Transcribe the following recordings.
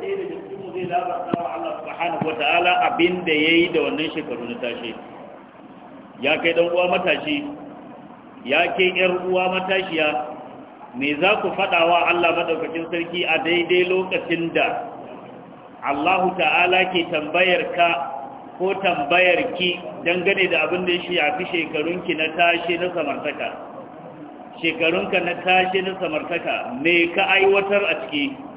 ɗaya daga mu zai labarta wa Allah subhanahu ta'ala abin da ya yi da wannan shekaru na tashi ya kai dan uwa matashi ya ke yar uwa matashiya me za ku faɗa wa Allah maɗaukakin sarki a daidai lokacin da Allah ta'ala ke tambayar ka ko tambayar ki dangane da abin da ya fi shekarunki na tashi na samartaka shekarunka na tashi na samartaka me ka aiwatar a ciki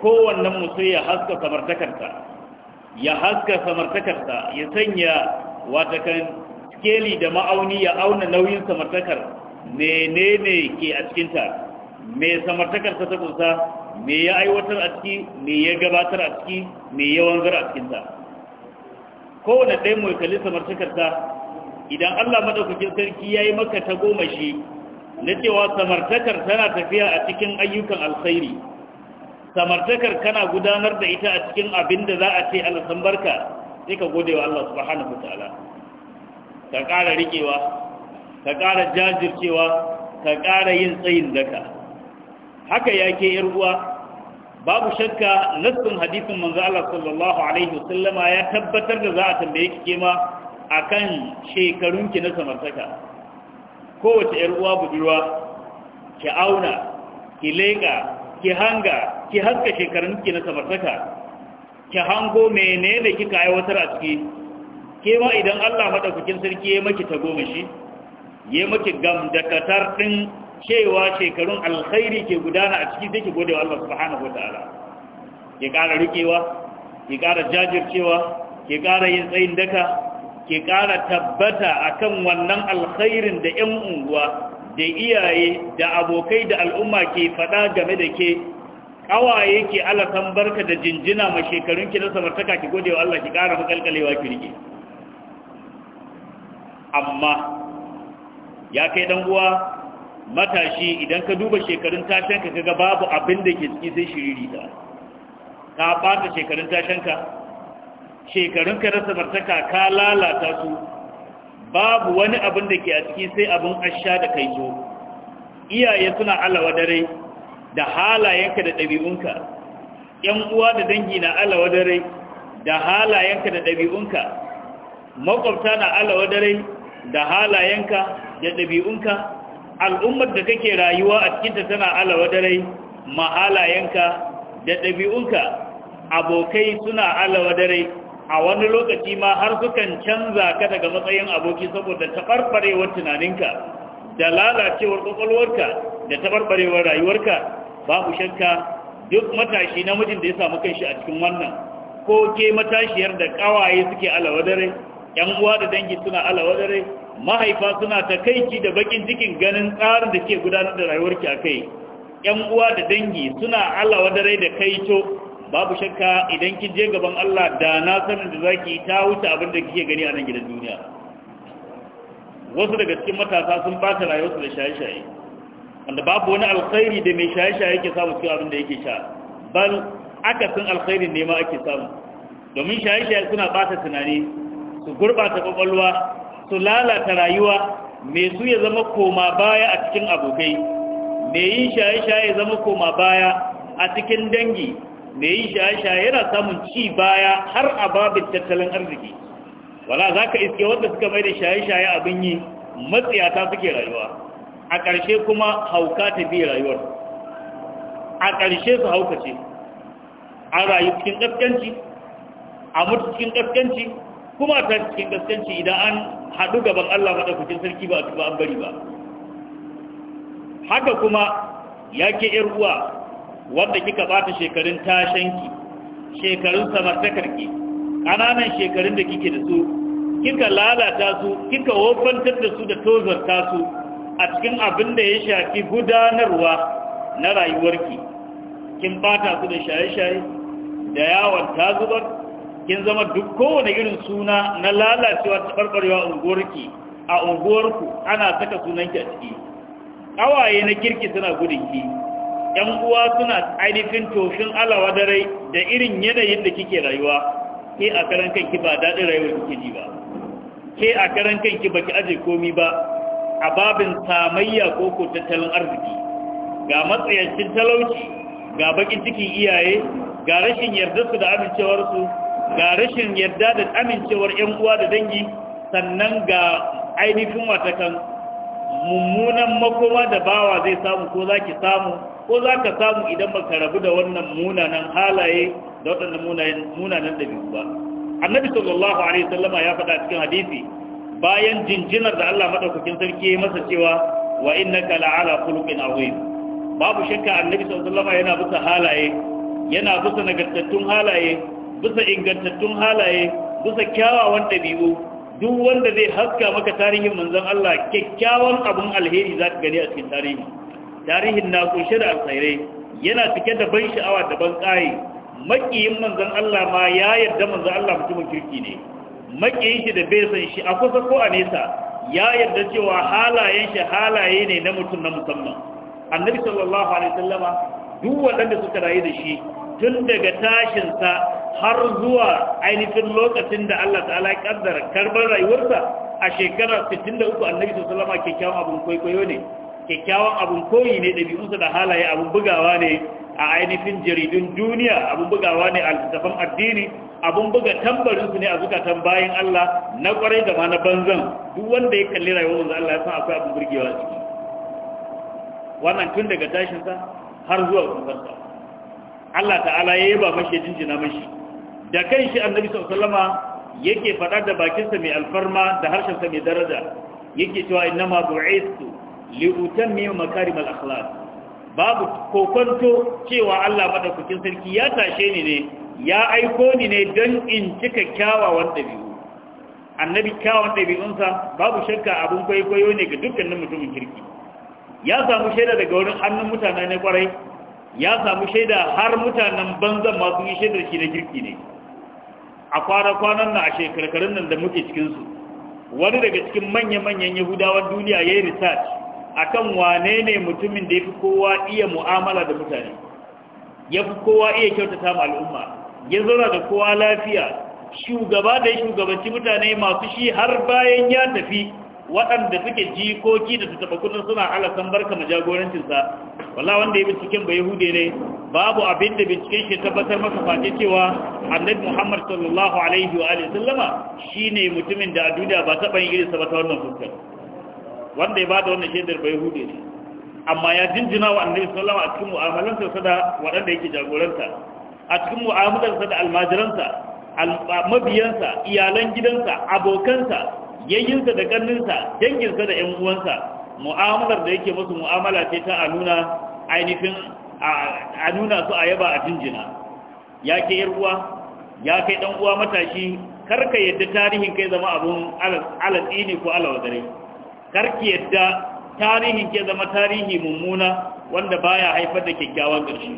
kowannen mu ya haska samartakarsa ya haska samartakarta ya sanya watakan skeli da ma'auni ya auna nauyin samartakar menene ke a cikinta me samartakar ta kusa me ya aiwatar a ciki me ya gabatar a ciki me ya wanzar a cikinta kowane ɗaya mu kalli samartakarsa idan allah maɗaukakin sarki ya yi maka ta goma shi na cewa samartakar tana tafiya a cikin ayyukan alkhairi samartakar kana gudanar da ita a cikin abin da za a ce Allah barka sai ka gode wa Allah subhanahu ta'ala ka ƙara riƙewa ka ƙara jajircewa ka ƙara yin tsayin daka. haka yake yar uwa babu shakka nassin hadisin manzo Allah sallallahu alaihi wasallama ya tabbatar da za a tambaye ki kema akan shekarunki na samartaka kowace yar uwa budurwa ki auna ki leka ki hanga ki haska shekarun ki na samartaka ki hango menene kika aiwatar a ciki ke ma idan Allah madaukakin sarki ya maki shi? ya maki gamdakatar din cewa shekarun alkhairi ke gudana a ciki sai ki gode wa Allah subhanahu wataala ki ƙara rikewa ki ƙara jajircewa ki kara yin tsayin daka ki ƙara tabbata akan wannan alkhairin da ƴan unguwa da iyaye da abokai da al'umma ke faɗa game da ke ƙawaye ke alasan barka da jinjina ma shekarun ki na samartaka ki gode wa Allah ki ƙara makalkalewa ki rike amma ya kai dan uwa matashi idan ka duba shekarun tashanka kaga babu abin da ke ciki sai shiriri da ka ɓata shekarun tashanka shekarun ka na samartaka ka lalata su babu wani abin da ke a ciki sai abin asha da kai zo iyaye suna alawa dare da halayenka da ɗabi'unka Ƴan uwa da dangi na alawa dare da halayenka da ɗabi'unka makwabta na alawa dare da halayenka da ɗabi'unka al'ummar da kake rayuwa a cikinta tana alawa dare ma halayenka da ɗabi'unka abokai suna alawa dare a wani lokaci ma har sukan canza ka daga matsayin aboki saboda taɓarɓarewar tunaninka da lalacewar ƙwaƙwalwarka da taɓarɓarewar rayuwarka babu shakka duk matashi namijin da ya samu kanshi a cikin wannan ko ke matashiyar da ƙawaye suke alawadare ‘yan uwa da dangi suna alawadare mahaifa suna takaici da bakin cikin ganin tsarin da ke gudanar da rayuwarki a kai ‘yan uwa da dangi suna alawadare da kaito babu shakka idan kin je gaban Allah da na sanin da zaki ta wuce abin da kike gani a nan gidan duniya wasu daga cikin matasa sun ba rayuwarsu da shaye-shaye wanda babu wani alkhairi da mai shaye-shaye yake samu cikin abin da yake sha bal san alkhairin ne ma ake samu domin shaye-shaye suna bata tunani su gurbata kwakwalwa su lalata rayuwa me su ya zama koma baya a cikin abokai me yin shaye-shaye zama koma baya a cikin dangi mai yin shaye-shaye yana samun ci baya har a babin tattalin arziki wala za ka iske wanda suka mai da shaye-shaye abin yi matsiyata suke rayuwa a ƙarshe kuma hauka ta biya rayuwar a ƙarshe su haukace a rayu cikin ƙasƙanci a mutu cikin ƙasƙanci kuma ta cikin ƙasƙanci idan an haɗu gaban Allah maɗaukacin sarki ba a tuba an bari ba haka kuma ya ke ‘yar uwa wanda kika bata shekarun tashanki shekarun samartakarki ƙananan shekarun da kike da su kika lalata su kika wofantar da su da tozarta su a cikin abin da ya shafi gudanarwa na rayuwarki kin bata su da shaye-shaye da yawon tazubar kin zama duk kowane irin suna na lalacewa ta barbarewa unguwarki a unguwarku ana saka sunanki a ciki ƙawaye na kirki suna gudunki ‘yan uwa suna ainihin toshin alawa da rai da irin yanayin da kike rayuwa ke a karan kanki ba daɗin rayuwar kike ji ba ke a karan kanki baki aje komi ba a babin samayya ko ko tattalin arziki ga matsayacin talauci ga bakin cikin iyaye ga rashin yardarsu da amincewarsu ga rashin yarda da amincewar ‘yan uwa da dangi sannan ga ainihin watakan mummunan makoma da bawa zai samu ko za ki samu ko za ka samu idan ba ka rabu da wannan munanan halaye da waɗannan munanan ɗabi'u ba annabi sallallahu alaihi wasallama ya faɗa cikin hadisi bayan jinjinar da Allah madaukakin sarki ya masa cewa wa innaka la'ala khuluqin azim babu shakka annabi sallallahu alaihi yana bisa halaye yana bisa nagartattun halaye bisa ingantattun halaye bisa kyawawan ɗabi'u duk wanda zai haska maka tarihin manzon Allah kyakkyawan abun alheri za ka gani a cikin tarihi tarihin na kunshe da alkhairai yana cike da ban sha'awa da ban ƙayi makiyin manzon Allah ma ya yarda manzon Allah mutumin kirki ne makiyin shi da bai san shi a kusa ko a nesa ya yarda cewa halayen shi halaye ne na mutum na musamman annabi sallallahu alaihi wasallama duk wanda suka rayu da shi tun daga tashinsa har zuwa ainihin lokacin da Allah ta'ala ya kaddara karban rayuwarsa a shekara 63 annabi sallallahu alaihi wasallama kyakkyawan abun kwaikwayo ne kyakkyawan abun koyi ne ɗabi'unsa da halaye abun bugawa ne a ainihin jaridun duniya abun bugawa ne a littattafan addini abun buga tambarinsu ne a zukatan bayan Allah na kwarai da ma na banzan duk wanda ya kalli rayuwar wanzu Allah ya san akwai abun burgewa ciki wannan tun daga tashinsa har zuwa kusursa Allah ta'ala ya yaba mashi ya jinjina mashi da kan shi annabi sallama yake faɗa da bakinsa mai alfarma da harshensa mai daraja yake cewa inna ma bu'istu li'utammi makarim al-akhlaq babu kokonto cewa Allah madaukakin sarki ya tashe ni ne ya aiko ni ne don in cika kyawawan dabi'u annabi kyawawan ɗabi'unsa, babu shakka abun kwaikwayo ne ga dukkanin mutumin kirki ya samu shaida daga wurin hannun mutane ne kwarai ya samu shaida har mutanen banzan masu yi shaidar shi na kirki ne a kwana-kwanan na a shekarkarin nan da muke cikinsu wani daga cikin manya-manyan yahudawan duniya ya yi research akan wane ne mutumin da ya fi kowa iya mu'amala da mutane ya kowa iya kyautata ma al'umma ya zura da kowa lafiya shugaba da ya shugabanci mutane masu shi har bayan ya tafi waɗanda suke jikoki da su taɓa kudin suna alasan barka ma jagorancinsa walla wanda ya binciken ba yahude ne babu abin da binciken shi tabbatar masa face cewa annabi muhammad sallallahu alaihi wa sallama shine mutumin da a duniya ba ta yin irinsa ba ta wannan fuskar wanda ya bada wannan shaidar bai hude ne amma ya jinjina wa annabi sallallahu alaihi wasallam a cikin mu'amalansa da wadanda yake jagoranta a cikin mu'amalansa da almajiransa mabiyansa iyalan gidansa abokansa yayyinsa da kanninsa danginsa da 'yan uwansa mu'amalar da yake musu mu'amala ce ta a nuna ainihin a nuna su a yaba a jinjina ya ke uwa ya kai ɗan uwa matashi ka yadda tarihin kai zama abun alatsi ne ko alawadare karki yadda tarihin ke zama tarihi mummuna wanda baya haifar da kyakkyawan ƙarshe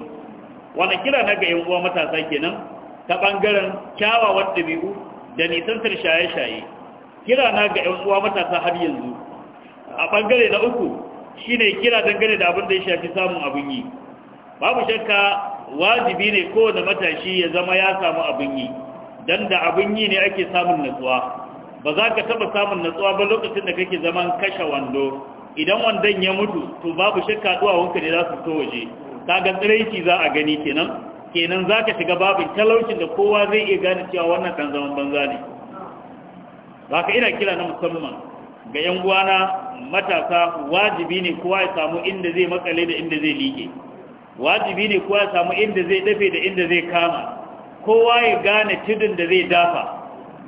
wanda kira na ga yan uwa matasa kenan ta bangaren kyawawan ɗabi'u da nisantar shaye-shaye kira na ga yan uwa matasa har yanzu a bangare na uku shine kira dangane da abin da ya shafi samun abin yi babu shakka wajibi ne kowane matashi ya zama ya samu abin yi don da abin yi ne ake samun natsuwa ba za ka taba samun natsuwa ba lokacin da kake zaman kashe wando idan wandon ya mutu to babu shakka duwawunka ne za su fito waje ga tsiraiki za a gani kenan kenan za ka shiga babin talaucin da kowa zai iya gane cewa wannan kan zaman banza ne ba ka ina kira na musamman ga yan uwana matasa wajibi ne kowa ya samu inda zai makale da inda zai liƙe wajibi ne kowa ya samu inda zai dafe da inda zai kama kowa ya gane tudun da zai dafa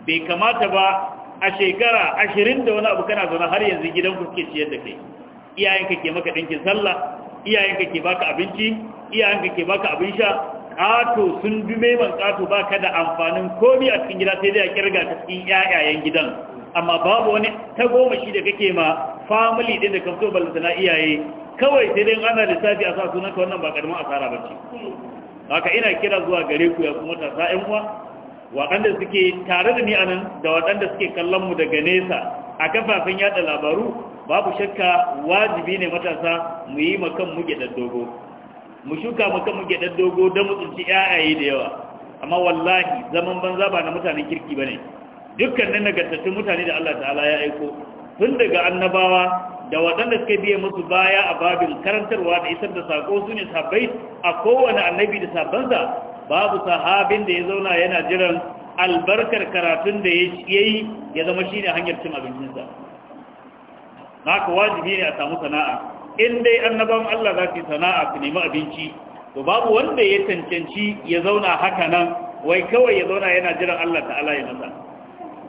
bai kamata ba a shekara ashirin da wani abu kana zaune har yanzu gidan kuke ciyar da kai iyayenka ke maka ɗinkin sallah iyayenka ke baka abinci iyayenka ke baka abin sha ƙato sun dume man ƙato baka da amfanin komi a cikin gida sai dai a kirga ta cikin ƴaƴayen gidan amma babu wani ta goma shi da kake ma family ɗin da kamto balanta na iyaye kawai sai dai ana lissafi a sa sunanka wannan ba karamin asara bace haka ina kira zuwa gare ku ya kuma ta sa'in uwa waɗanda suke tare da ni a nan da waɗanda suke kallon mu daga nesa a kafafen yada labaru babu shakka wajibi ne matasa mu yi makan muke dogo mu shuka makan muke dogo don mu tsinci yayaye da yawa amma wallahi zaman banza ba na mutanen kirki ba ne dukkanin nagartattun mutane da Allah ta'ala ya aiko tun daga annabawa da waɗanda suka biya musu baya a babin karantarwa da isar da sako su ne sabbai a kowane annabi da sabansa babu sahabin da ya zauna yana jiran albarkar karatun da ya yi ya zama shi ne hanyar cin abincinsa ka wajibi ne a samu sana'a in dai annaban Allah za su sana'a su nemi abinci to babu wanda ya cancanci ya zauna haka nan wai kawai ya zauna yana jiran Allah ta'ala ya masa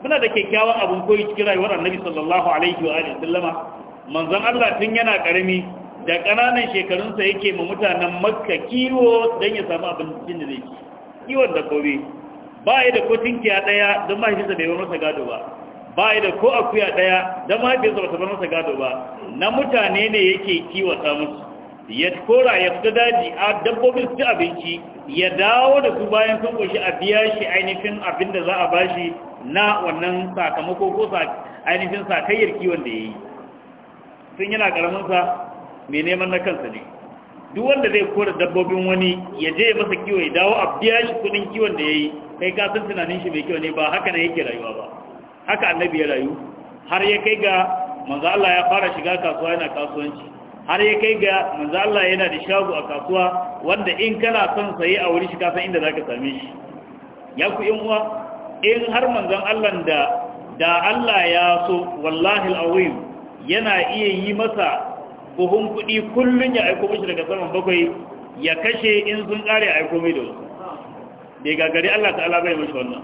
muna da kyakkyawan abin koyi cikin rayuwar annabi sallallahu alaihi wa sallama manzon Allah tun yana karami da ƙananan shekarunsa yake ma mutanen makka kiwo don ya samu abincin da zai kiwon kiwon kore, ba yi da ko tinkiya ɗaya don mahaifinsa bai bar masa gado ba ba yi da ko akuya ɗaya don mahaifinsa ba ta bar masa gado ba na mutane ne yake samun su. ya kora ya fita daji a dabbobin su abinci ya dawo da su bayan sun koshi a biya shi ainihin abin da za a ba shi na wannan sakamako ko ainihin sakayyar kiwon da ya yi sun yana ƙaramin sa mai neman na kansa ne duk wanda zai kora dabbobin wani ya je ya masa kiwo ya dawo a biya shi kudin kiwon da ya yi kai ka san tunanin shi mai kiwo ne ba haka ne yake rayuwa ba haka annabi ya rayu har ya kai ga manzo Allah ya fara shiga kasuwa yana kasuwanci har ya kai ga manzo Allah yana da shago a kasuwa wanda in kana son saye a wuri shi ka san inda zaka same shi ya ku in uwa in har manzon Allah da da Allah ya so wallahi alazim yana iya yi masa buhun kuɗi kullum ya aiko mishi daga saman bakwai ya kashe in sun ƙare a aiko mai da wasu ga gagari Allah ta'ala bai mashi wannan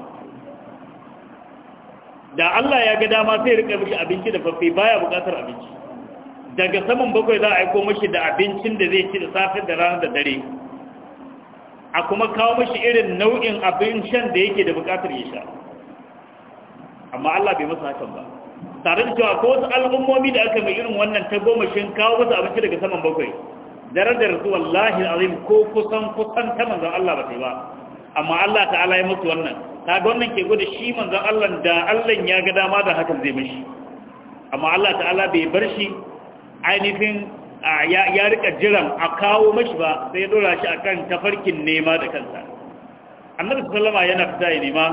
da Allah ya ga dama sai rika mishi abinci da fafe baya buƙatar abinci daga saman bakwai za a aiko mashi da abincin da zai ci da safe da ranar da dare a kuma kawo mashi irin nau'in abincin da yake da buƙatar ya sha amma Allah bai masa hakan ba tare da cewa ko wasu al'ummomi da aka mai irin wannan ta goma shi kawo wasu abinci daga saman bakwai Darar darajar rasu wallahi azim ko kusan kusan ta manzon Allah ba sai ba amma Allah ta'ala ya mutu wannan ta ga wannan ke gwada shi manzon Allah da Allah ya ga dama da hakan zai mishi amma Allah ta'ala bai bar shi ainihin ya rika jiran a kawo mashi ba sai ya dora shi akan tafarkin nema da kansa annabi sallama yana fita ya nema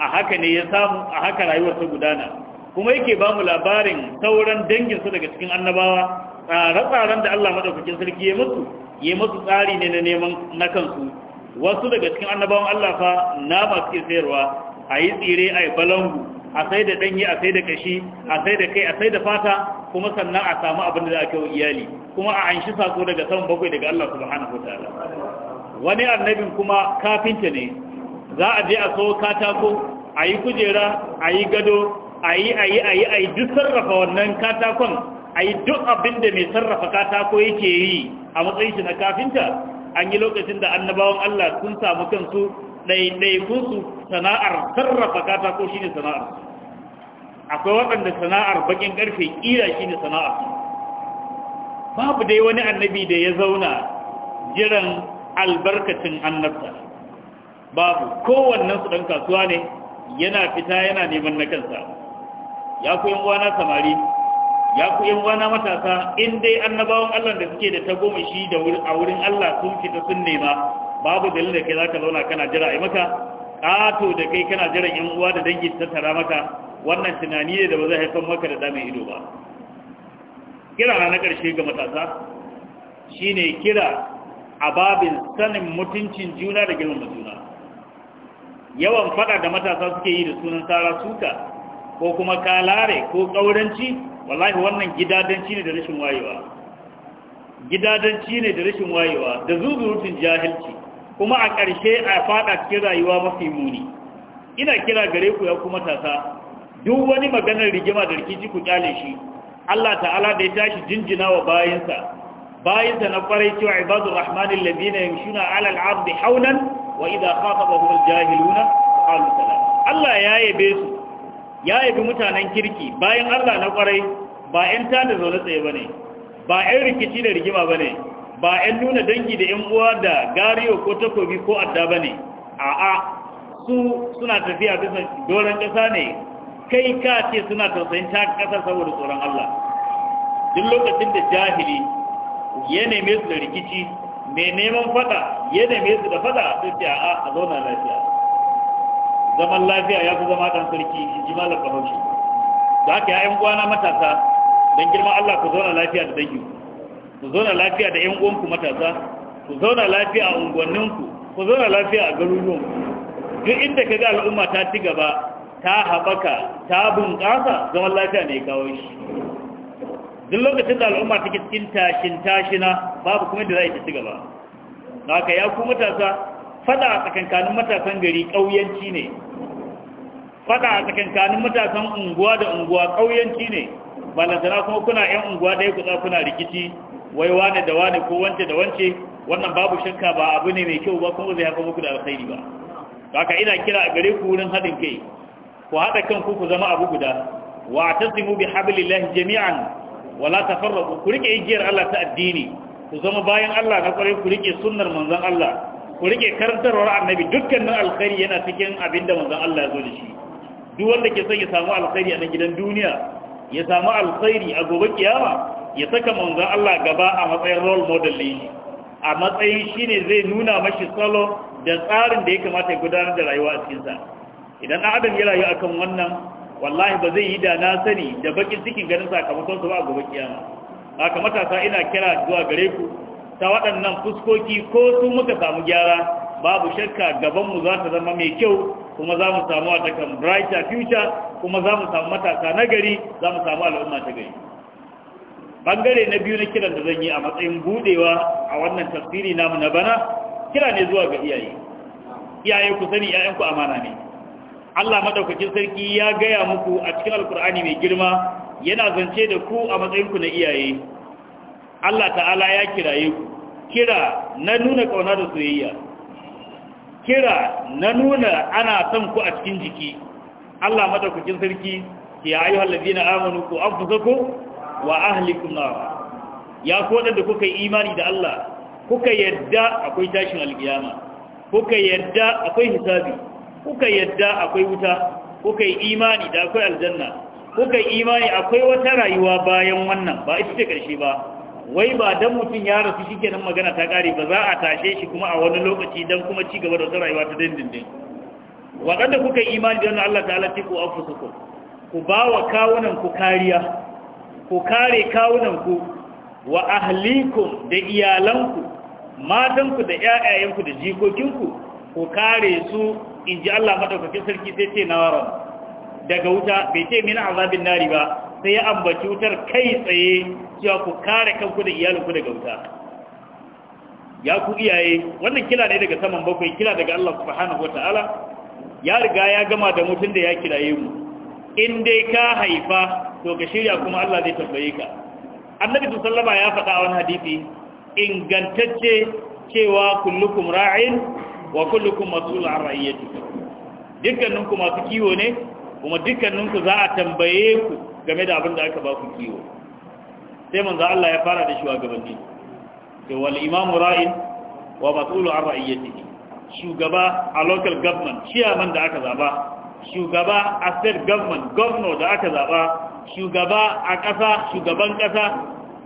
a haka ne ya samu a haka rayuwar ta gudana kuma yake ba mu labarin sauran danginsu daga cikin annabawa tsare-tsaren da Allah madaukakin sarki ya musu ya musu tsari ne na neman na kansu wasu daga cikin annabawan Allah fa nama suke sayarwa a yi tsire a yi balangu a sai da ɗanyi a sai da kashi a sai da kai a sai da fata kuma sannan a samu abin da aka iyali kuma a anshi sako daga saman bakwai daga Allah subhanahu wa ta'ala wani annabin kuma kafinta ne za a je a so katako a yi kujera a yi gado Ayi, yi a yi duk sarrafa wannan katakon ayi duk abin da mai sarrafa katako yake yi a matsayin shi na kafinta an yi lokacin da annabawan Allah sun samu kansu ɗaiɗaikunsu sana'ar sarrafa katako shi ne sana'ar akwai waɗanda sana'ar bakin ƙarfe ƙira shi ne sana'ar babu dai wani annabi da ya zauna jiran albarkacin annabta babu su ɗan kasuwa ne yana fita yana neman na kansa ya ku yin wana samari ya ku yin wana matasa in dai annabawan Allah da suke da tagomashi da a wurin Allah sun fita sun nema babu dalilin da kai zaka zauna kana jira ai maka kato da kai kana jiran yan uwa da dangi ta tara maka wannan tunani ne da ba zai haifar maka da damin ido ba kira na karshe ga matasa shine kira a babin sanin mutuncin juna da girmama juna yawan fada da matasa suke yi da sunan tara suka ko kuma kalare ko kauranci wallahi wannan gidadanci ne da rashin wayewa gidadanci ne da rashin wayewa da zuzurutun jahilci kuma a ƙarshe a fada cikin rayuwa mafi muni ina kira gare ku ya kuma tasa duk wani maganar rigima da rikici ku kyale shi Allah ta'ala da ya tashi jinjina wa bayansa bayansa na kwarai cewa ibadur rahmanil ladina yamshuna 'alal ardi hawlan wa idha khatabahum al-jahiluna qalu salam Allah ya yabe su ya yabi mutanen kirki bayan Allah na kwarai ba 'yan tada zaune tsaye ba ne ba 'yan rikici da rigima ba ne ba 'yan nuna dangi da 'yan uwa da gariyo ko takobi ko adda ba ne a'a su suna tafiya bisa doron ƙasa ne kai ka ce suna tausayin ta ƙasa saboda tsoron Allah duk lokacin da jahili ya neme su da rikici mai neman fada ya neme su da fada a a zauna lafiya zaman lafiya ya fi zama dan sarki in ji malam bahaushe da haka ya'yan uwana matasa don girman Allah ku zauna lafiya da dangi ku zauna lafiya da ƴan uwanku matasa ku zauna lafiya a unguwanninku ku zauna lafiya a garuruwanku duk inda ka ga al'umma ta ci gaba ta haɓaka ta bunƙasa zaman lafiya ne kawo shi duk lokacin da al'umma take cikin tashin tashina babu kuma da za a ci gaba da haka ya ku matasa fada a tsakankanin matasan gari ƙauyanci ne fada a tsakankanin matasan unguwa da unguwa ƙauyenci ne sana kuma kuna yan unguwa ɗaya kusa kuna rikici wai wane da wane ko wance da wance wannan babu shakka ba abu ne mai kyau ba kuma zai haka muku da alkhairi ba haka ina kira a gare ku wurin haɗin kai ku haɗa kanku ku zama abu guda wa tasimu bi hablillahi jami'an wala tafarraqu ku rike igiyar Allah ta addini ku zama bayan Allah na kwarai ku rike sunnar manzan Allah ku rike karantarwar annabi dukkanin alkhairi yana cikin abinda manzon Allah ya zo da shi duk wanda ke son ya samu alkhairi a nan gidan duniya ya samu alkhairi a gobe kiyama ya saka manzon Allah gaba a matsayin role model ne a matsayin shine zai nuna mashi salo da tsarin da ya kamata ya gudanar da rayuwa a cikin sa idan adam ya rayu akan wannan wallahi ba zai yi da na sani da bakin cikin ganin sakamakon sa ba a gobe kiyama haka matasa ina kira zuwa gare ku ta waɗannan fuskoki ko su muka samu gyara babu shakka gaban mu za ta zama mai kyau kuma za mu samu wata kan brighter future kuma za mu samu matasa nagari. gari za mu samu al'umma ta gari bangare na biyu na kiran da zan yi a matsayin budewa a wannan tafsiri namu na bana kira ne zuwa ga iyaye iyaye ku sani ƴaƴanku amana ne Allah madaukakin sarki ya gaya muku a cikin alkur'ani mai girma yana zance da ku a matsayinku na iyaye Allah ta'ala ya kiraye ku kira na nuna ƙauna da soyayya kira na nuna ana son ku a cikin jiki Allah madaukakin sarki ya ayu ladina amanu ku anfusakum wa ahlikum nar ya ku da kuka yi imani da Allah kuka yadda akwai tashin alkiyama kuka yadda akwai hisabi kuka yadda akwai wuta kuka yi imani da akwai aljanna kuka yi imani akwai wata rayuwa bayan wannan ba ita ce karshe ba wai ba dan mutum ya rasu kenan magana ta kare ba za a tashe shi kuma a wani lokaci dan kuma ci gaba da wata rayuwa ta dindindin waɗanda kuka yi imani da wannan Allah ta'ala ce ku anfusukum ku ba wa kawunan ku kariya ku kare kawunan ku wa ahlikum da iyalanku matanku da ƴaƴayenku da jikokinku ku kare su in ji Allah madaukakin sarki sai ce nawaran daga wuta bai ce min azabin nari ba sai ya ambaci wutar kai tsaye cewa ku kare kanku da iyalinku daga wuta ya ku iyaye wannan kila ne daga saman bakwai kila daga Allah subhanahu wataala ya riga ya gama da mutum da ya kiraye mu in dai ka haifa to ka shirya kuma Allah zai tambaye ka annabi sallama ya faɗa wani hadisi ingantacce cewa kullukum ra'in wa kullukum mas'ul an ra'iyatikum dukkaninku masu kiwo ne kuma dukkaninku za a tambaye ku game da abin da aka ba ku kiwo sai manzo Allah ya fara da shugabanni sai wal imamu ra'in wa mas'ulu an ra'iyatihi shugaba a local government chairman da aka zaba shugaba a state government governor da aka zaba shugaba a ƙasa shugaban ƙasa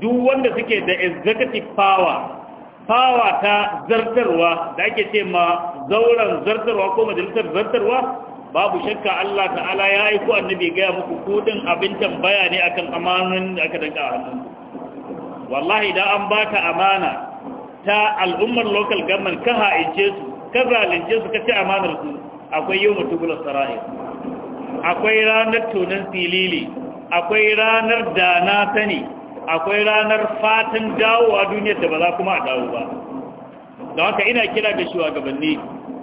duk wanda suke da executive power power ta zartarwa da ake ce ma zauren zartarwa ko majalisar zartarwa babu shakka Allah ta'ala ya aiko annabi gaya muku kudin abin tambaya ne akan amanan da aka danka hannu wallahi da an baka amana ta al'ummar local government ka ha'ince su ka zalince su ka ci amanar su akwai yau mutubular sara'i akwai ranar tunan silili akwai ranar da sani akwai ranar fatan dawowa duniyar da ba za kuma a dawo ba Da haka ina kira ga shugabanni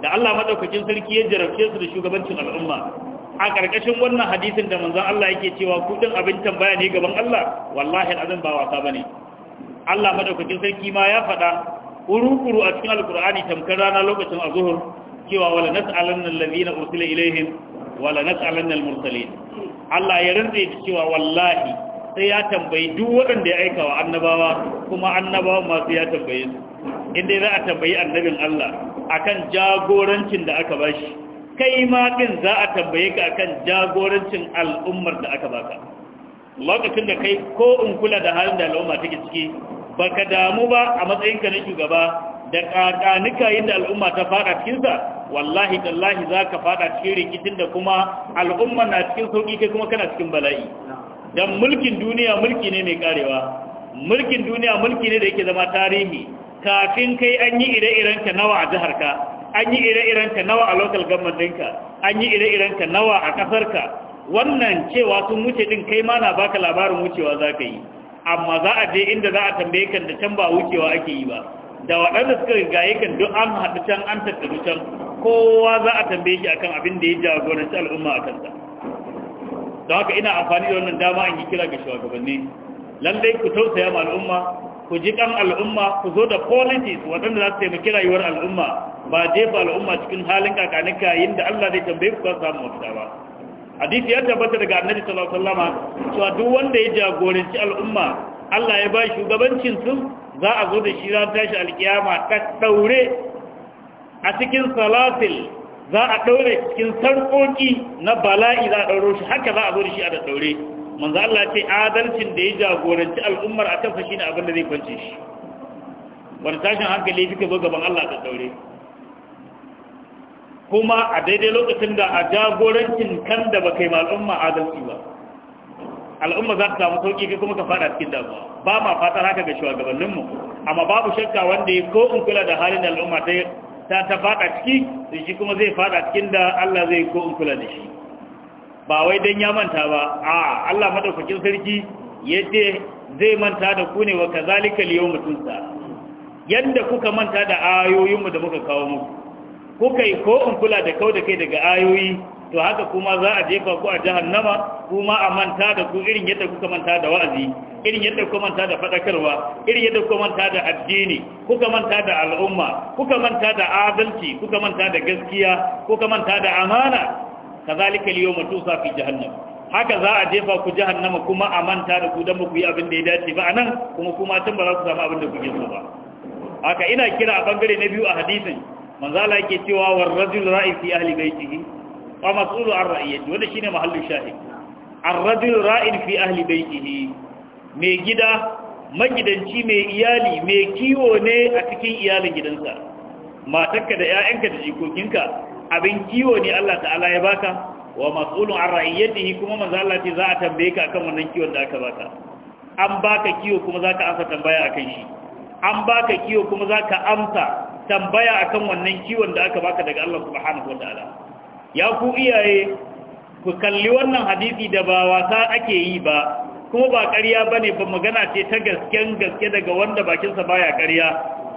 da Allah madaukakin sarki ya jarabce su da shugabancin al'umma a ƙarƙashin wannan hadisin da manzon Allah yake cewa kudin abin tambaya ne gaban Allah wallahi azan ba wasa bane Allah madaukakin sarki ma ya faɗa kurukuru a cikin alkur'ani tamkar rana lokacin azhur cewa wala nas'alanna allazina ursila ilaihim wala nas'alanna almursalin Allah ya rantsa cewa wallahi sai ya tambayi duk waɗanda ya aika wa annabawa kuma annabawa masu ya tambaye su inda za a tambayi annabin Allah akan jagorancin da aka bashi kai ma din za a tambaye ka akan jagorancin al'ummar da aka baka lokacin da kai ko in kula da halin da al'umma take ciki baka damu ba a matsayinka na shugaba da kakanika yadda al'umma ta fada cikinsa wallahi tallahi za ka fada cikin rikicin da kuma al'umma na cikin sauƙi kai kuma kana cikin bala'i dan mulkin duniya mulki ne mai karewa mulkin duniya mulki ne da yake zama tarihi kafin kai an yi ire-irenta nawa a jiharka an yi ire-irenta nawa a local government ɗinka an yi ire-irenta nawa a ƙasarka wannan cewa sun wuce din kai ma na baka labarin wucewa za ka yi amma za a je inda za a tambaye kan da can ba wucewa ake yi ba da waɗanda suka rigaye kan duk an haɗu can an tattaru can kowa za a tambaye shi akan abin da ya jagoranci al'umma a kansa don haka ina amfani da wannan dama an yi kira ga shugabanni lallai ku tausaya ma al'umma ku ji kan al'umma ku zo da policies waɗanda za su taimaki rayuwar al'umma ba jefa al'umma cikin halin kakanika yin da Allah zai tambaye ku kan samu mafita ba hadisi ya tabbata daga annabi sallallahu alaihi cewa duk wanda ya jagoranci al'umma Allah ya ba shugabancin su za a zo da shi ran tashi alkiyama ta daure a cikin salatil za a daure cikin sarkoki na bala'i za a dauro shi haka za a zo da shi a ɗaure. manzo Allah ce adalcin da ya jagoranci al'ummar a shi ne abin da zai kwance shi wani tashin hankali fika zo gaban Allah da daure kuma a daidai lokacin da a jagorancin kan da baka yi ma al'umma adalci ba al'umma za ta samu sauki kai kuma ka fada cikin damuwa ba ma fatar haka ga shugabanninmu amma babu shakka wanda ya ko in kula da halin da al'umma ta ta fada ciki shi kuma zai fada cikin da Allah zai ko in kula da shi ba wai don ya manta ba a Allah madaukakin sarki ya ce zai manta da ku ne wa kazalika liyo mutunsa yadda kuka manta da ayoyinmu da muka kawo muku kuka yi ko in kula da kau da kai daga ayoyi to haka kuma za a jefa ku a jahannama kuma a manta da ku irin yadda kuka manta da wa'azi irin yadda kuka manta da fadakarwa irin yadda kuka manta da addini kuka manta da al'umma kuka manta da adalci kuka manta da gaskiya kuka manta da amana kazalika al-yawma tusa fi jahannam haka za a jefa ku jahannama kuma a manta da ku dan ba ku yi abin da ya dace ba anan kuma kuma tun ba za ku samu abin da kuke so ba haka ina kira a bangare na biyu a hadisin manzo Allah yake cewa war rajul ra'i fi ahli baitihi wa mas'ulu an ra'iyati wanda shine mahallu shahid ar-rajul ra'in fi ahli baitihi mai gida magidanci mai iyali mai kiwo ne a cikin iyalin gidansa matarka da 'ya'yanka da jikokinka abin kiwo ne Allah ta'ala ya baka wa mas'ulun an ra'iyyatihi kuma manzo Allah ce za a tambaye ka akan wannan kiwon da aka baka an baka kiwo kuma za ka amsa tambaya akan shi an baka kiwo kuma za ka amsa tambaya akan wannan kiwon da aka baka daga Allah subhanahu wa ta'ala ya ku iyaye ku kalli wannan hadisi da ba wasa ake yi ba kuma ba ƙarya bane ba magana ce ta gasken gaske daga wanda bakinsa baya ƙarya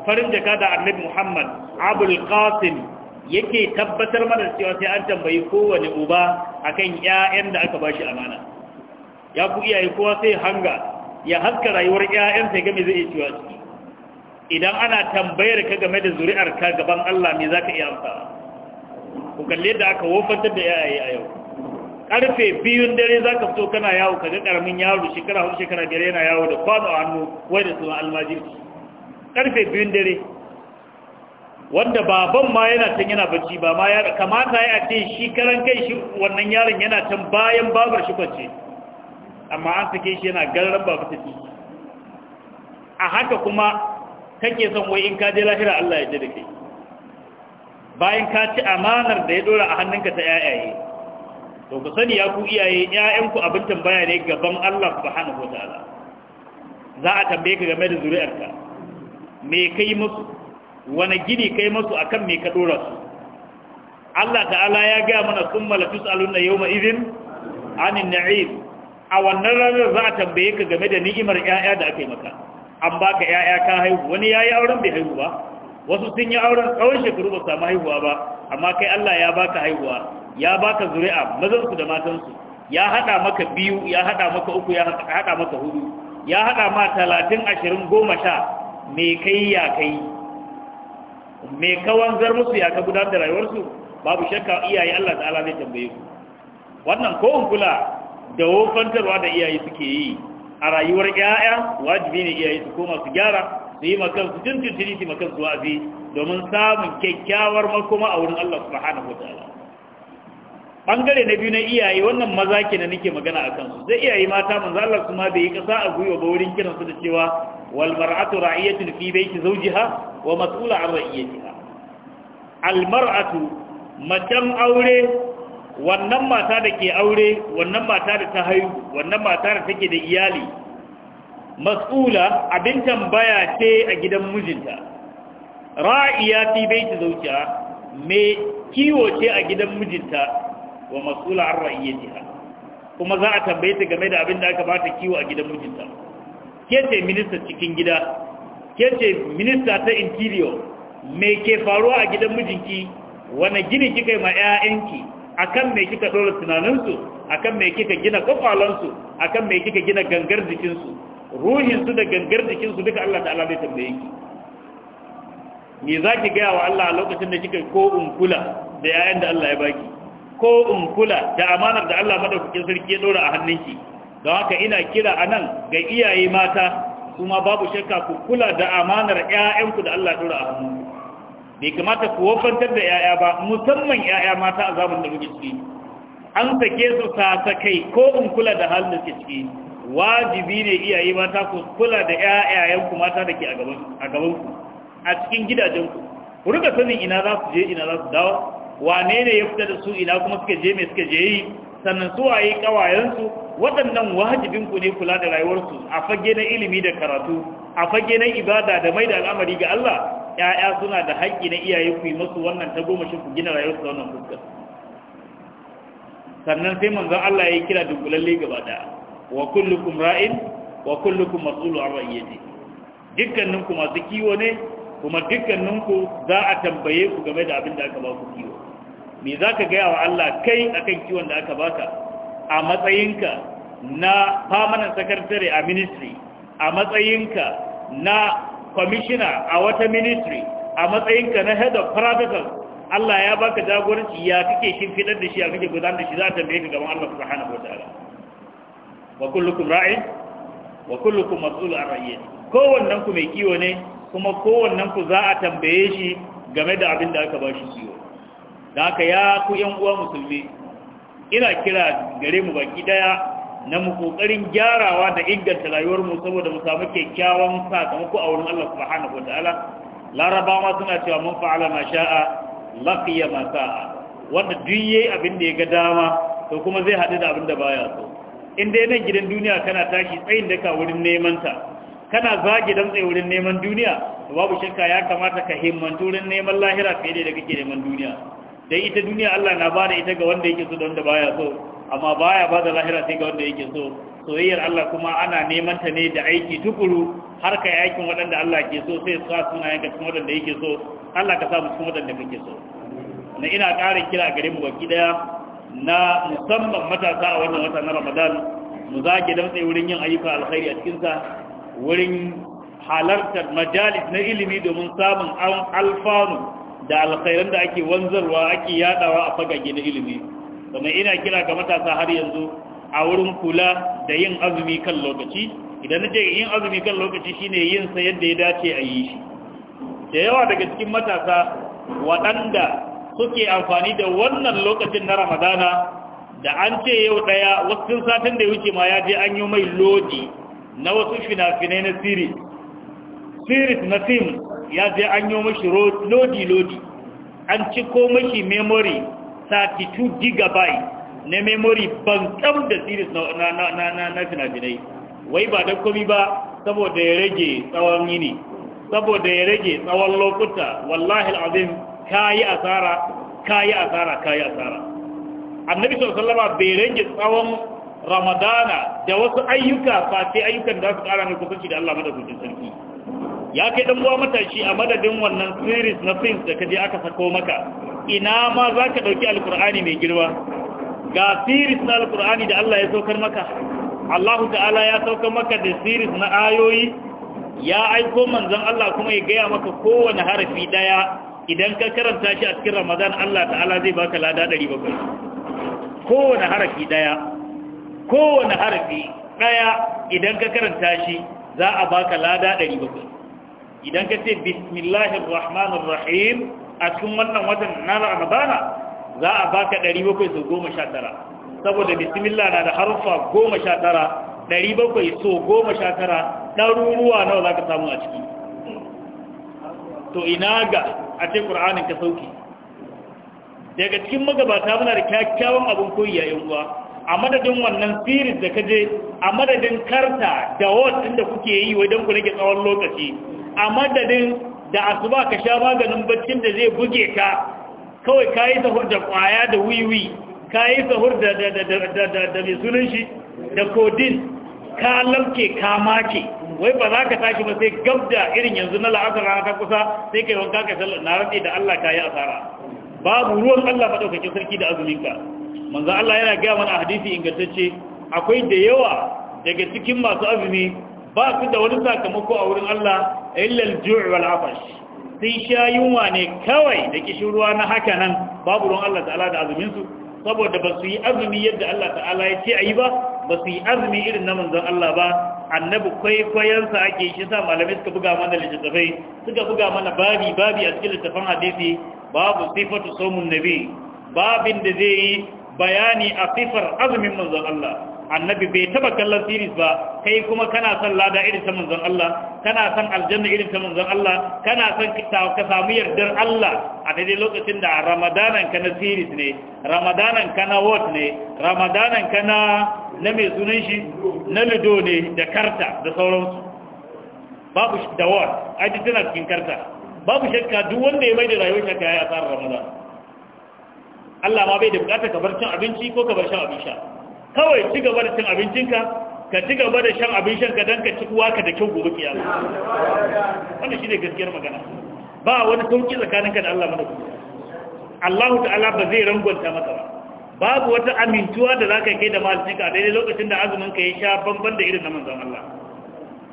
farin jaka da annabi muhammad abul qasim yake tabbatar mana cewa sai an tambayi kowane uba akan ƴaƴan da aka bashi amana ya ku iyaye kowa sai hanga ya haska rayuwar ƴaƴan sai game zai ciwa ciki idan ana tambayar ka game da zuri'ar ka gaban Allah me zaka iya amsa ku kalle da aka wofantar da yayaye a yau karfe biyun dare zaka fito kana yawo kaga karamin yaro shekara hudu shekara biyar yana yawo da kwano a hannu wai da sunan almajiri karfe biyun dare wanda baban ma yana can yana bacci ba ma ya kamata ya ce shi karan kai shi wannan yaron yana can bayan babar shi kwace amma an sake shi yana garar babu tafi a haka kuma kake son wai in ka je lahira Allah ya ji da kai bayan ka ci amanar da ya dora a hannunka ta yayaye to ku sani ya ku iyaye 'ya'yanku abin tambaya ne gaban Allah subhanahu wataala za a tambaye ka game da zuri'arka me kai musu wani gini kai masu akan me ka dora su Allah ta'ala ya gaya mana summa la tusaluna yawma idhin anin na'im a wannan ranar za a tambaye ka game da ni'imar yaya da aka yi maka an baka 'ya'ya ka haihu wani yayi auren bai haihu ba wasu sun yi auren tsawon shekaru ba samu haihuwa ba amma kai Allah ya baka haihuwa ya baka zuri'a mazan su da matan su ya hada maka biyu ya hada maka uku ya hada maka hudu ya haɗa ma talatin ashirin goma sha me kai ya kai me ka wanzar musu ya ka gudanar da rayuwarsu babu shakka iyaye Allah ta'ala zai tambaye ku wannan ko kula da wofantarwa da iyaye suke yi a rayuwar ƴaƴa wajibi ne iyaye su koma su gyara su yi makan su tuntuntuni su makan su wazi domin samun kyakkyawar makoma a wurin Allah subhanahu ta'ala bangare na biyu na iyaye wannan maza ke na nake magana a kansu zai iyaye mata manzo Allah su ma bai yi kasa a gwiwa ba wurin kiransu da cewa wal mar'atu ra'iyatun fi baiti zawjiha wa mas'ula an ra'iyatiha almar'atu macen aure wannan mata da ke aure wannan mata da ta haihu wannan mata da take da iyali matsula abin tambaya ce a gidan mijinta ra'iya fi baiti zawjiha me kiwo ce a gidan mijinta wa mas'ula an ra'iyatiha kuma za a tambaye ta game da abin da aka ba ta kiwo a gidan mijinta ke ce minista cikin gida ke minista ta interior me ke faruwa a gidan mijinki wane gini kika yi ma 'ya'yanki akan me kika ɗora tunaninsu akan me kika gina a akan me kika gina gangar jikinsu ruhinsu da gangar jikinsu duka Allah ta'ala zai tambaye ki me za ki gaya wa Allah a lokacin da kika ko unkula da 'ya'yan da Allah ya baki ko unkula da amanar da Allah madaukakin sarki ya ɗora a hannunki don haka ina kira a nan ga iyaye mata kuma babu shakka ku kula da amanar ƴaƴanku da Allah dora a hannu bai kamata ku wafantar da ƴaƴa ba musamman ƴaƴa mata a zamanin da muke ciki an sake su kai ko in kula da halin da suke ciki wajibi ne iyaye mata ku kula da ƴaƴayenku mata da ke a gaban ku a cikin gidajenku ku rika sanin ina za su je ina za su dawo wane ne ya fita da su ina kuma suka je me suka je yi sannan su waye ƙawayensu, waɗannan wajibin ku ne kula da rayuwarsu a fage na ilimi da karatu a fage na ibada da mai da al'amari ga Allah ƴaƴa suna da haƙƙi na iyaye ku yi musu wannan ta goma shi ku gina rayuwarsu wannan fuskar sannan sai manzon Allah ya kira dubulalle gaba da wa kullukum ra'in wa kullukum mas'ulu an ra'iyati dukkaninku masu kiwo ne kuma dukkaninku za a tambaye ku game da abin da aka ba ku kiwo me za ka gaya wa Allah kai a kan kiwon da aka baka a matsayinka na permanent secretary a ministry a matsayinka na commissioner a wata ministry a matsayinka na head of protocol Allah ya baka jagoranci ya kake shimfidar da shi a kake gudanar da shi za ta tambaye ka gaban Allah subhanahu wataala wa kullukum ra'in wa kullukum mas'ul an Ko kowannen ku mai kiwo ne kuma kowannen ku za a tambaye shi game da abin da aka ba shi kiwo da haka ya ku yan uwa musulmi ina kira gare mu baki daya na mu kokarin gyarawa da inganta rayuwar mu saboda mu samu kyakkyawan sakamako a wurin Allah subhanahu wataala larabawa suna cewa mun fa'ala ma sha'a laqiya ma sa'a wanda duk yayi abin da ya ga dama to kuma zai hadu da abin da baya so in dai nan gidan duniya kana tashi tsayin daka wurin neman ta kana zagi dan tsaye wurin neman duniya babu shakka ya kamata ka himmantu wurin neman lahira fiye da kake neman duniya dai ita duniya Allah na ba da ita ga wanda yake so da wanda baya so amma baya ba da lahira sai ga wanda yake so soyayyar Allah kuma ana neman ta ne da aiki tukuru har kai aikin waɗanda Allah ke so sai kasu suna yanka cikin waɗanda yake so Allah ka sa mu cikin waɗanda kake so na ina ƙara kira gare mu baki daya na musamman matasa a wannan wata Ramadan mu zage dan tsaye wurin yin ayyuka alkhairi a cikin sa wurin halartar majalis na ilimi domin samun alfanu da alkhairan da ake wanzarwa ake yadawa a fagage na ilimi sannan ina kira ga matasa har yanzu a wurin kula da yin azumi kan lokaci idan na yin azumi kan lokaci shine yin sa yadda ya dace a yi shi da yawa daga cikin matasa waɗanda suke amfani da wannan lokacin na ramadana da an ce yau ɗaya wasu satin da ya wuce ma ya je an yi mai lodi na wasu fina-finai na siri siri na fim ya je an yi mashi lodi-lodi an ko mashi memory 32 gigabyte na memory bankam da series na finafinai wai ba don komi ba saboda ya rage tsawon yini saboda ya rage tsawon lokuta wallahi al'azim kayi asara kayi asara kayi asara annabi sallallahu bai rage tsawon ramadana da wasu ayyuka sai ayyukan da su kara mai kusanci da Allah madaukakin sarki ya kai ɗan uwa matashi a madadin wannan series na films da kaje aka sako maka ina ma za ka ɗauki Alkur'ani mai girma ga series na Alkur'ani da Allah ya saukar maka Allahu ta'ala ya saukar maka da series na ayoyi ya aiko manzon Allah kuma ya gaya maka kowane harafi daya idan ka karanta shi a cikin Ramadan Allah ta'ala zai baka lada 700 kowane harafi daya kowane harafi daya idan ka karanta shi za a baka lada 700 idan ka ce bismillahir rahmanir rahim a cikin wannan watan na ramadana za a baka 719 saboda bismillah na da harfa 19 700 so 19 ɗaruruwa nawa za ka samu a ciki to ina ga a ce ƙur'anin ka sauki daga cikin magabata muna da kyakkyawan abin koyi yayin uwa a madadin wannan series da kaje a madadin karta da wat da kuke yi don ku nake tsawon lokaci a madadin da asuba ka sha maganin baccin da zai buge ka kawai ka yi sahur da kwaya da wiwi ka yi sahur da mai sunan shi da kodin ka lamke ka make wai ba za ka tashi ba sai gab da irin yanzu na la'asar rana ta kusa sai ka yi wanka ka sallar na rantsi da Allah ka yi asara babu ruwan Allah ɗaukakin sarki da azuminka manzo Allah yana gaya mana a hadisi ingantacce akwai da yawa daga cikin masu azumi ba su da wani sakamako a wurin Allah illal ju' wal afash sai sha yunwa ne kawai da ruwa na haka nan babu ruwan Allah ta'ala da azumin su saboda ba su yi azumi yadda Allah ta'ala ya ce ayi ba ba su yi azumi irin na manzon Allah ba annabi kwaikwayensa ake shi sa malamai suka buga mana littattafai suka buga mana babi babi a cikin littattafan hadisi babu sifatu somun nabi babin da zai yi bayani a sifar azumin manzon Allah annabi bai taba kallon siris ba kai kuma kana son lada irin ta manzon Allah kana son aljanna irin ta manzon Allah kana son ka samu yardar Allah a daidai lokacin da ramadanan ka na siris ne ramadanan ka na wot ne ramadanan ka na na mai sunan shi na lido ne da karta da sauransu babu shi da wot aji tana cikin karta babu shakka duk wanda ya mai da rayuwar shakka ya yi a tsarin ramadan Allah ma bai da bukatar kabar cin abinci ko kabar shan abin sha kawai ci gaba da cin abincinka ka ci gaba da shan abincin ka don ka ci uwa ka da kyau gobe kiyama wannan shi ne gaskiyar magana ba wani sauki tsakaninka da Allah mana Allahu ta'ala ba zai rangwanta maka ba babu wata amintuwa da za ka kai da mahalicinka a daidai lokacin da azumin ka ya sha bamban da irin na manzan Allah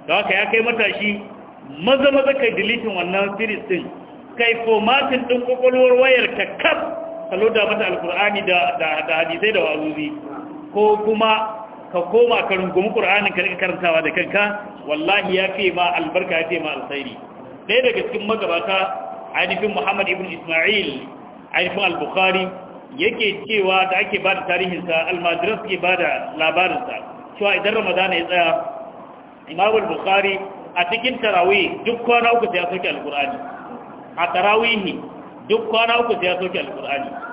da haka ya kai matashi maza maza kai dilitin wannan series din kai formatin din kwakwalwar wayar ta kaf salo da mata alkur'ani da hadisai da wazuzi ko kuma ka koma ka rungumi ƙur'anin ka rika karantawa da kanka wallahi ya fi ma albarka ya fi ma alsairi ɗaya daga cikin magabata ainihin muhammad ibn ismail ainihin al-bukhari yake cewa da ake ba da tarihinsa almajiran suke ba da labarinsa cewa idan ramadana ya tsaya imam al a cikin tarawih duk kwana uku sai ya soke alkur'ani a tarawihi duk kwana uku sai ya soke alkur'ani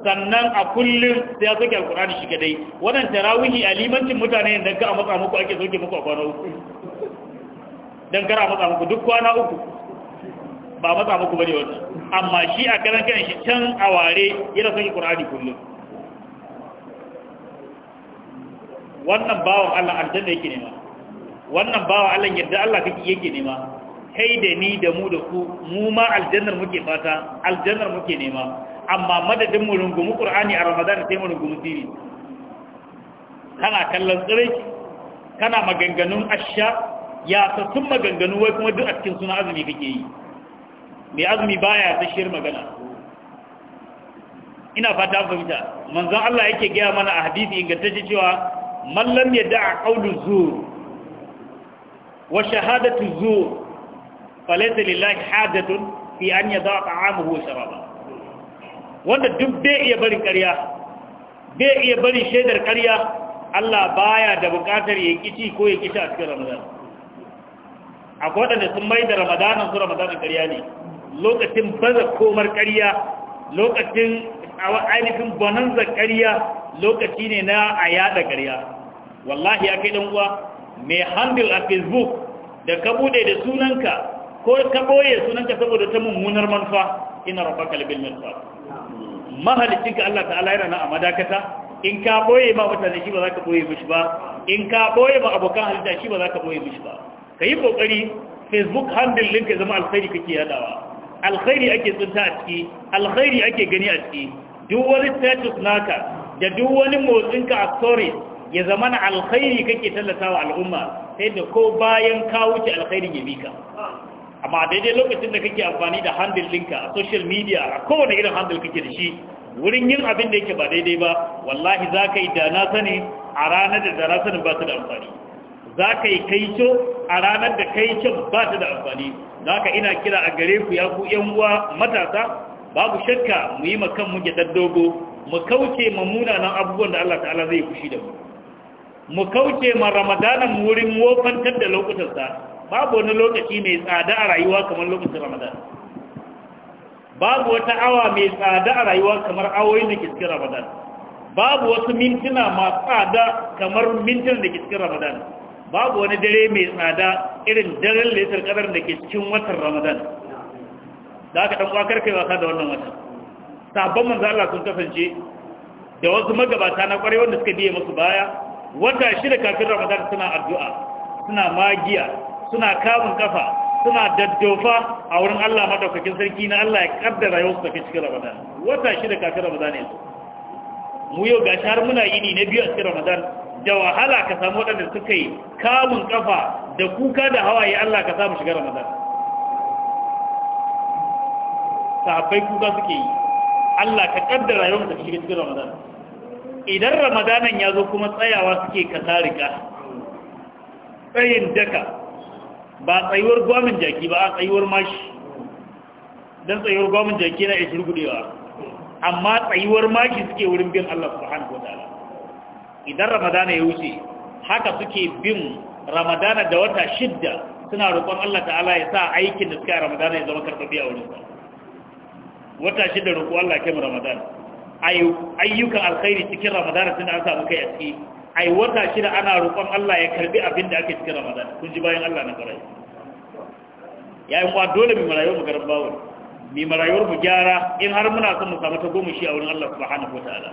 sannan a kullum sai ya soke alkur'ani shi kadai wannan tarawihi a limancin mutane da ka a matsa muku ake soke muku a kwana uku dan a matsa muku duk kwana uku ba matsa muku bane wannan amma shi a karan kan shi can a ware yana soke qur'ani kullum wannan bawan Allah aljanna yake nema wannan bawan Allah yadda Allah kake yake nema kai da ni da mu da ku mu ma aljannar muke fata aljannar muke nema amma madadin mu rungumi qur'ani a ramadan sai mu rungumi sirri kana kallon tsirki kana maganganun asha ya sassun maganganu wai kuma duk a cikin suna azumi kake yi mai azumi baya tashiyar magana ina fata fahimta manzon Allah yake gaya mana a hadisi ingantacce cewa mallam ya da'a qaulu zur wa shahadatu zur falaysa lillahi hajatun fi an yada'a ta'amahu wa sharaba wanda duk bai iya bari ƙarya bai iya bari shaidar ƙarya Allah baya da buƙatar ya kici ko ya kici a cikin Ramadan akwai wadanda sun mai da Ramadan su Ramadanan ƙarya ne lokacin baza komar ƙarya lokacin ainihin bonanza ƙarya lokaci ne na a yada ƙarya wallahi ya kai uwa mai handle a facebook da ka bude da sunanka ko ka boye sunanka saboda ta mummunar manufa ina rabaka libil mirsa mahalicin ka Allah ta'ala yana nan a madakata in ka boye ma mutane shi ba za ka boye mishi ba in ka boye ma abokan halitta shi ba za ka boye mishi ba ka yi kokari facebook handle link zama alkhairi kake yadawa alkhairi ake tsinta a ciki alkhairi ake gani a ciki duk wani status naka da duk wani motsinka a story ya zama na alkhairi kake tallatawa al'umma sai da ko bayan ka wuce alkhairi ya bi ka amma daidai lokacin da kake amfani da handle ɗinka a social media a kowane irin handle kake da shi wurin yin abin da yake ba daidai ba wallahi za ka yi da na sani a ranar da da na sani ba ta da amfani za ka yi kaico a ranar da kaicon ba ta da amfani za ka ina kira a gare ku ya ku yan uwa matasa babu shakka mu yi makan mu gyaɗar dogo mu kauce ma munanan abubuwan da Allah ta'ala zai fushi da mu mu kauce ma ramadanan wurin wofantar da lokutansa babu wani lokaci mai tsada a rayuwa kamar lokacin ramadan babu wata awa mai tsada a rayuwa kamar awoyin da ke cikin ramadan babu wasu mintuna masu tsada kamar mintuna da ke cikin ramadan babu wani dare mai tsada irin daren laitar kadar da ke cikin watan ramadan da aka ɗan kwakar kai wasa da wannan watan sabon manzo Allah sun kasance da wasu magabata na kwarewa wanda suka biye musu baya wata shida kafin ramadan suna addu'a suna magiya suna kamun kafa suna daddofa a wurin Allah madaukakin sarki na Allah ya kaddara yau su tafi cikin Ramadan wata shida kafin Ramadan ne mu yau gashi har muna yini na biyu a cikin Ramadan da wahala ka samu waɗanda suka yi kamun kafa da kuka da hawaye Allah ka samu shiga Ramadan sahabbai kuka suke yi Allah ka kaddara yau su tafi cikin Ramadan idan Ramadanan ya zo kuma tsayawa suke kasarika tsayin daka ba tsayuwar gwamin jaki ba a tsayuwar mashi don tsayuwar gwamin jaki na ishir shirgudewa amma tsayuwar mashi suke wurin bin Allah subhanahu Ta'ala. idan ramadana ya wuce haka suke bin ramadana da wata shidda suna roƙon Allah ta'ala ya sa aikin da suka ramadana ya zama karɓaɓɓe a wurin wata shidda roƙo Allah ya kai mu ramadana ayyukan alkhairi cikin ramadana tun an samu kai a ciki ai wata shida ana roƙon Allah ya karbi abin da ake cikin Ramadan kun ji bayan Allah na barai yayin wa dole mu mu garan bawo mu mu gyara in har muna son mu samu ta goma shi a wurin Allah subhanahu wataala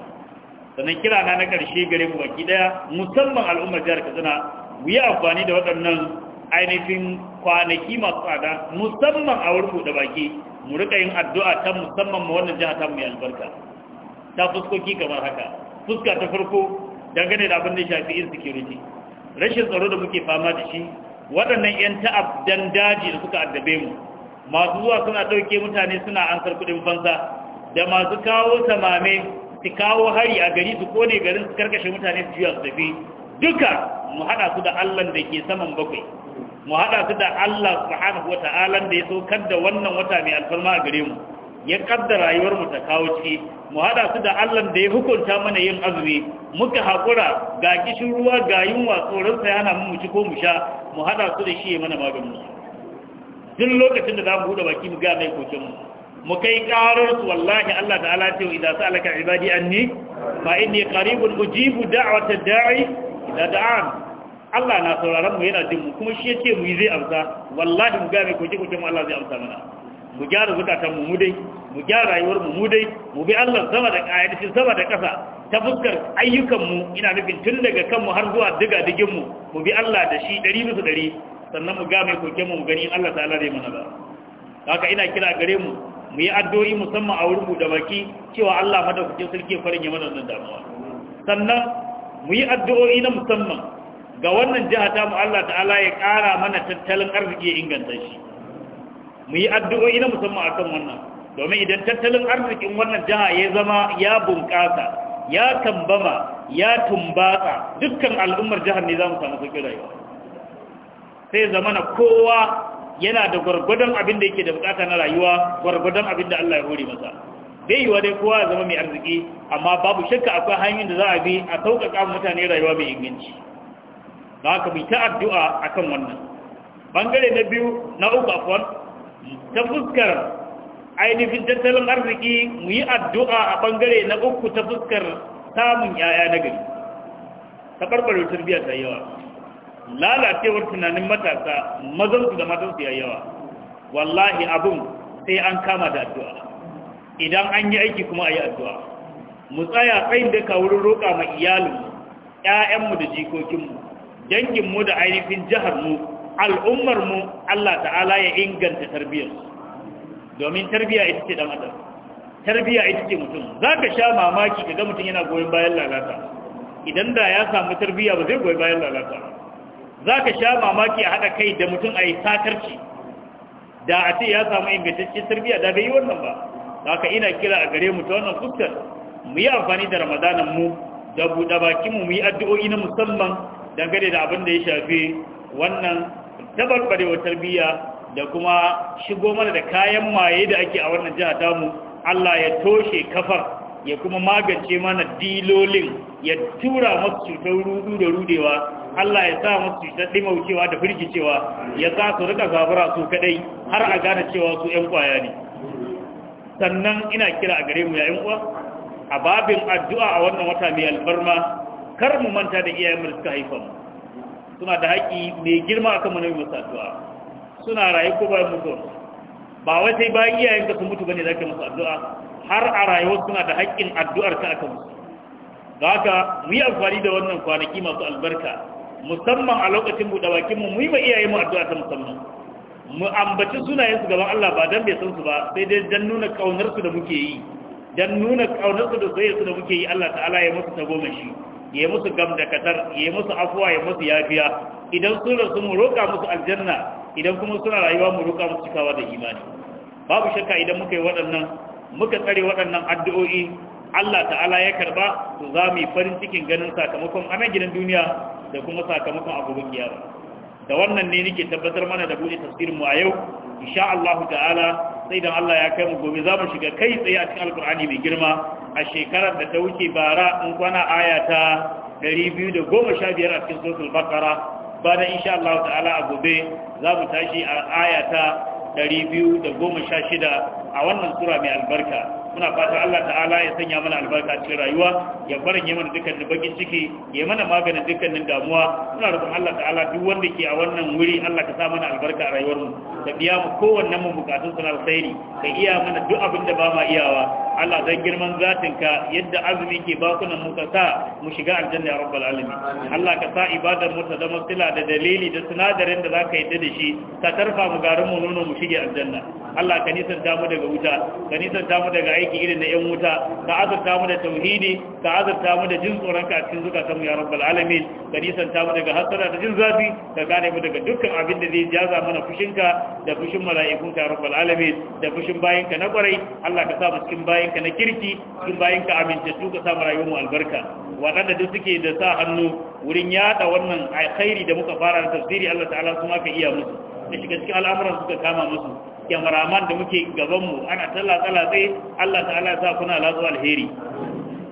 sannan kira na na karshe gare mu baki daya musamman al'ummar jihar Katsina mu yi amfani da waɗannan ainihin kwanaki masu tsada musamman a wurin buɗe baki mu rika yin addu'a ta musamman mu wannan jiha ta mu albarka ta fuskoki kamar haka fuska ta farko dangane da abin da shafi insecurity rashin tsaro da muke fama da shi waɗannan 'yan ta'abdan daji da suka addabe mu masu zuwa suna ɗauke mutane suna ansar kuɗin fansa da masu kawo samame su kawo hari a gari su kone garin su karkashe mutane su juya su tafi duka mu haɗa su da Allah da ke saman bakwai mu haɗa su da allah subhanahu wata'ala da ya saukar da wannan wata mai alfarma a gare mu ya kaddara rayuwar mu ta kawo ciki mu hada su da Allah da ya hukunta mana yin azumi muka hakura ga kishin ruwa ga yunwa tsoron sa yana mu ci ko mu sha mu hada su da shi ya mana maganin duk lokacin da zamu huda baki mu ga mai kokin mu mu kai karar su wallahi Allah ta'ala ce idza salaka ibadi anni fa inni qaribun ujibu da'wata da'i idan da'an Allah na sauraron mu yana jin mu kuma shi yake mu yi zai amsa wallahi mu ga mai kokin mu Allah zai amsa mana mu gyara zakatan mu mu dai mu gyara rayuwar mu mu dai mu bi Allah sama da ayyukan sama da ƙasa ta fuskar ayyukan mu ina nufin tun daga kanmu har zuwa diga digin mu mu bi Allah da shi 100 bisa 100 sannan mu ga mai koke mu gani Allah ta'ala zai mana ba haka ina kira gare mu mu yi addu'o'i musamman a wurin mu da baki cewa Allah madaukakin sarki farin ya mana nan damuwa sannan mu yi addu'o'i na musamman ga wannan jiha ta mu Allah ta'ala ya ƙara mana tattalin arziki ya inganta shi mu yi addu'o'i na musamman akan wannan domin idan tattalin arzikin wannan jiha ya zama ya bunƙasa ya tambama ya tumbatsa dukkan al'ummar jihar ne za mu samu sauƙi rayuwa sai na kowa yana da gwargwadon abin da yake da bukata na rayuwa gwargwadon abin da Allah ya hore masa bai yiwa dai kowa ya zama mai arziki amma babu shakka akwai hanyoyin da za a bi a sauƙaƙa mutane rayuwa mai inganci da haka bi ta addu'a akan wannan bangare na biyu na uku afwan ta fuskar ainihin tattalin arziki mu yi addu'a a ɓangare na uku ta fuskar samun yaya na gari ta ɓarɓar tarbiyya ta yawa lalacewar tunanin matasa mazansu da matansu ya yawa wallahi abin sai an kama da addu'a idan an yi aiki kuma a yi addu'a mu tsaya tsayin da wurin roƙa ma iyalinmu ‘ya'yanmu da jikokinmu danginmu da ainihin jiharmu al'ummarmu Allah ta'ala ya inganta tarbiyyarsu domin tarbiya ita ce dan adam tarbiya ita ce mutum za ka sha mamaki ka ga mutum yana goyon bayan lalata idan da ya samu tarbiya ba zai goyi bayan lalata za ka sha mamaki a haɗa kai da mutum a yi satarci da a ce ya samu ingantaccen tarbiya da bai yi wannan ba za ka ina kira a gare mu ta wannan fuskar mu yi amfani da ramadanan mu da buɗe bakin mu yi addu'o'i na musamman dangane da abin da ya shafi wannan tabarbarewar tarbiya da kuma shigo mana da kayan maye da ake a wannan jiha tamu Allah ya toshe kafar ya kuma magance mana dilolin ya tura masu cutar rudu da rudewa Allah ya sa masu cutar dimaucewa da firgicewa ya sa su rika zabura su kadai har a gane cewa su ƴan kwaya ne sannan ina kira a gare mu ya uwa a babin addu'a a wannan wata mai albarma kar mu manta da iyayen mu suka haifa mu suna da haƙi mai girma akan mu na addu'a suna rayu ko ba mutu ba wai sai bayan iyayen ka sun mutu bane zaka musu addu'a har a rayuwa suna da haƙƙin addu'ar ka akan musu da haka mu yi amfani da wannan kwanaki masu albarka musamman a lokacin buɗe bakin mu mu yi ma iyayen mu addu'a ta musamman mu ambaci sunayen su gaban Allah ba dan bai san su ba sai dai dan nuna kaunar su da muke yi dan nuna kaunar su da soyayya su da muke yi Allah ta'ala ya musu tagomashi ya musu gamdakatar ya musu afuwa ya musu yafiya idan sun rasu mu roƙa musu aljanna idan kuma suna rayuwa mu roƙa musu cikawa da imani babu shakka idan muka yi waɗannan muka tsare waɗannan addu'o'i Allah ta'ala ya karba to za mu yi farin cikin ganin sakamakon anan gidan duniya da kuma sakamakon abubuwan kiyama da wannan ne nake tabbatar mana da buɗe tafsirin mu a yau insha Allah ta'ala sai dan Allah ya kai mu gobe za mu shiga kai tsaye a cikin alkur'ani mai girma a shekarar da ta wuce bara in kwana aya ta 215 a cikin suratul baqara bada insha Allah ta'ala a gobe za mu tashi a goma sha 216 a wannan sura mai albarka muna fata Allah ta'ala ya sanya mana albarka cikin rayuwa ya barin ya mana dukkan bakin ciki ya mana maganin dukkanin damuwa muna roƙon Allah ta'ala duk wanda ke a wannan wuri Allah ka sa mana albarka a rayuwar mu ka biya mu kowannen mu bukatun sana alkhairi ka iya mana duk abin da ba ma iyawa Allah dan girman zatin ka yadda azumi ke bakunan mu ka sa mu shiga aljanna ya rabbal alamin Allah ka sa ibadar mu ta zama sila da dalili da sinadarin da zaka yadda da shi ka tarfa mu garin mu nuno mu shige aljanna Allah ka nisanta mu daga wuta ka nisanta mu daga aiki aiki irin na yan wuta ka azurta mu da tauhidi ka azurta mu da jin tsoronka a cikin zukatanmu ya rabbal alamin ka nisanta mu daga hasara da jin zafi ka gane mu daga dukkan abin da zai jaza mana fushinka da fushin mala'ikunka ya rabbal alamin da fushin bayinka na kwarai Allah ka sa mu cikin bayinka na kirki cikin bayinka amintattu ka sa mu rayuwar mu albarka waɗanda duk suke da sa hannu wurin yada wannan alkhairi da muka fara da tafsiri Allah ta'ala su ma ka iya musu da shiga cikin al'amuran suka kama musu kyamaraman da muke gabanmu ana talla-talla sai Allah ta'ala ya sa kuna latsu alheri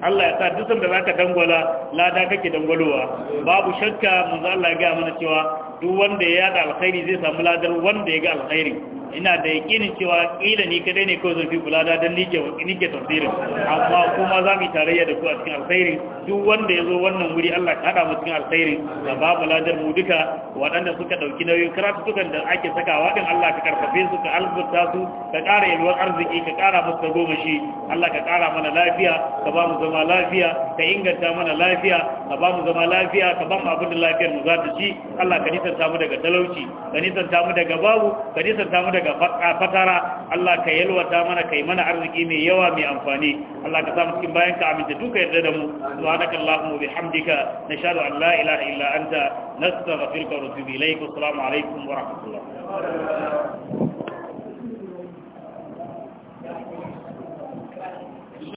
Allah ya sa dusan da zaka dangwala lada kake dangwalowa babu shakka manzo Allah ya ga mana cewa duk wanda ya yada alkhairi zai samu ladar wanda ya ga alkhairi ina da yakinin cewa kila ni kadai ne ko zan fi kula da dan nike nike tafsirin amma kuma za mu tarayya da ku a cikin alkhairi duk wanda ya zo wannan wuri Allah ta hada mu cikin alkhairi da babu ladar mu duka waɗanda suka dauki nauyin karatu dukan da ake sakawa din Allah ka karfafe su ka albuta su ka ƙara yalwar arziki ka ƙara musu goma shi Allah ka ƙara mana lafiya ka ba mu zama lafiya ka inganta mana lafiya ka ba mu zama lafiya ka ba mu abin da lafiyar mu za ta ci Allah ka nisanta mu daga talauci ka nisanta mu daga babu ka nisanta mu daga fatara Allah ka yalwata mana kai mana arziki mai yawa mai amfani Allah ka samu cikin bayan ka aminta duka yarda da mu subhanaka allahumma bihamdika nashhadu an la ilaha illa anta nastaghfiruka wa natubu ilayk assalamu alaikum wa rahmatullah